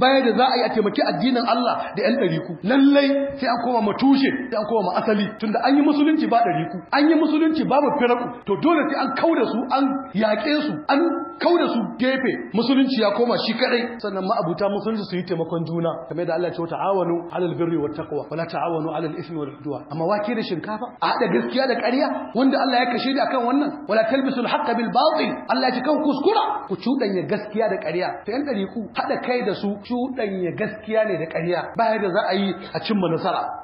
baya da za a yi a taimaki addinin Allah da yan ɗariku lallai sai an koma matushe sai an koma asali tunda an yi musulunci ba ɗariku an yi musulunci babu firaku to dole sai an kauda su an yaƙe su an kauda su gefe musulunci ya koma shi kadai sannan ma'abuta musulunci su yi taimakon juna kamar da Allah ya ce ta'awanu alal birri wat taqwa wala ta'awanu alal ismi wal amma wake da shinkafa a haɗa gaskiya da ƙarya wanda Allah ya kashe ni akan wannan wala talbisul haqqa bil batil Allah ya ce kan kuskura ku cuɗanya gaskiya da ƙarya to yan ɗariku haɗa kai da su cuɗanya gaskiya ne da ƙarya ba da za a yi a cimma nasara